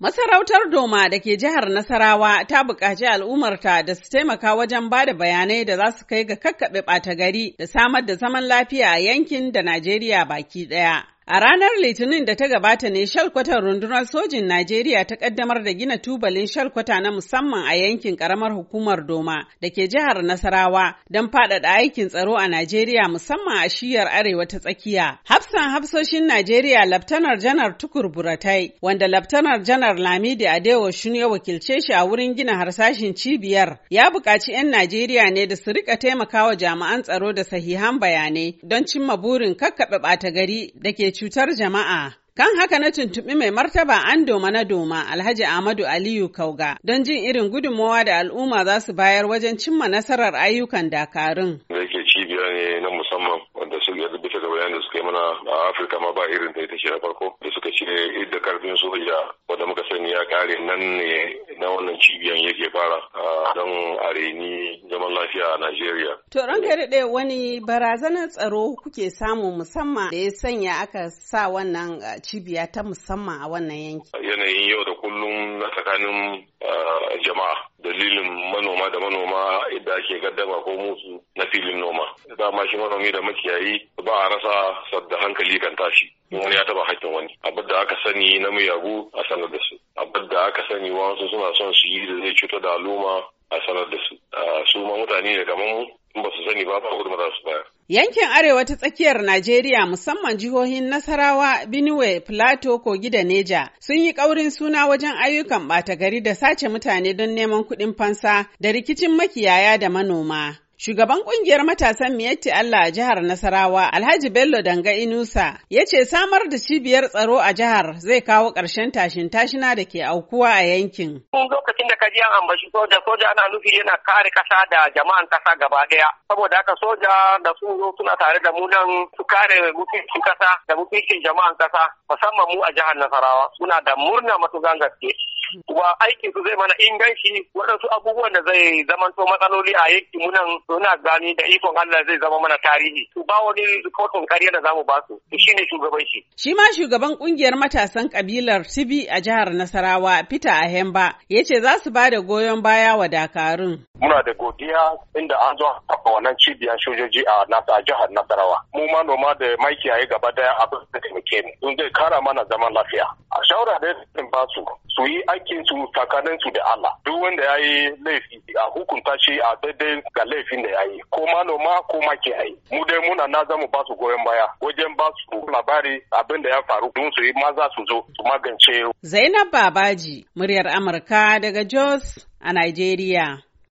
Masarautar Doma da ke jihar Nasarawa ta buƙaci al'ummarta da su taimaka wajen ba da bayanai da za su kai ga kakkaɓe ɓata gari da samar da zaman lafiya a yankin da Najeriya baki ɗaya. A ranar Litinin da ta gabata ne shalkwatar rundunar sojin Najeriya ta kaddamar da gina tubalin shalkwata na musamman a yankin karamar hukumar Doma da ke jihar Nasarawa don faɗaɗa aikin tsaro a Najeriya musamman a shiyar arewa ta tsakiya. Hafsan hafsoshin Najeriya Laftanar Janar Tukur Buratai wanda Laftanar Janar Lamidi Adewo Shun ya wakilce shi a wurin gina harsashin cibiyar ya buƙaci 'yan Najeriya ne da su rika taimakawa jami'an tsaro da sahihan bayanai don cimma burin kakkaɓe ɓata gari da ke cutar jama'a. Kan haka na tuntuɓi mai martaba an doma na doma Alhaji Ahmadu Aliyu Kauga don jin irin gudunmowa da al'umma za su bayar wajen cimma nasarar ayyukan dakarun. Da yake cibiya ne na musamman wanda su biyar bisa ga bayanin da suka yi mana a afirka ma ba irin ta ita ce na farko da suka ce idda karfin soja wanda muka sani ya kare nan ne na wannan cibiyan yake fara don a reni zaman lafiya a najeriya to ranka daɗe wani barazanar tsaro kuke samu musamman da ya sanya aka sa wannan cibiya ta musamman a wannan yanki yanayin yau da kullum na tsakanin jama'a dalilin manoma da manoma idan ake gaddama ko musu na filin noma dama shi manomi da makiyayi ba a rasa sadda hankali kan tashi wani ya taba hakkin wani abin da aka sani na miyagu a sanar da su abin da aka sani wasu suna son su yi da zai cuta da al'umma a sanar da su su ma mutane da kamar mu in ba su sani ba ba gudunma za su bayar. Yankin Arewa ta tsakiyar Najeriya musamman jihohin Nasarawa, Benue, Plateau, Kogi da Neja sun yi ƙaurin suna wajen ayyukan ɓata gari da sace mutane don neman kuɗin fansa da rikicin makiyaya da manoma. Shugaban kungiyar matasan Miyatti Allah a jihar Nasarawa, Alhaji Bello Danga Inusa, ya ce samar da cibiyar tsaro a jihar zai kawo ƙarshen tashin tashina da ke aukuwa a yankin. Kun lokacin da kaji an ambaci soja, soja ana nufi yana kare kasa da jama'an kasa gaba ɗaya. Saboda haka soja da sun zo suna tare da mu nan su kare mutuncin kasa da mutuncin jama'an kasa, musamman mu a jihar Nasarawa. Suna da murna matuƙan gaske. kuma aikin su zai mana inganci waɗansu abubuwan da zai zamanto matsaloli a yanki munan suna gani da ikon Allah zai zama mana tarihi su ba wani kotun kariya da zamu ba su shine shugaban shi ma shugaban kungiyar matasan kabilar Sibi a jihar Nasarawa Peter Ahemba yace za su ba da goyon baya wa Dakarun muna da godiya inda an zo kafa wannan cibiyar sojoji a nasa jihar Nasarawa. Mu manoma da makiyaye gaba daya a da taimake mu. Sun zai kara mana zaman lafiya. A shawara da zan ba su su yi aikin su tsakanin su da Allah. Duk wanda ya yi laifi a hukunta shi a daidai ga laifin da ya yi. Ko manoma ko makiyaye. Mu dai muna na zamu ba su goyon baya wajen ba su labari abin da ya faru don su yi maza su zo su magance. Zainab Babaji, muryar Amurka daga Jos a Nigeria.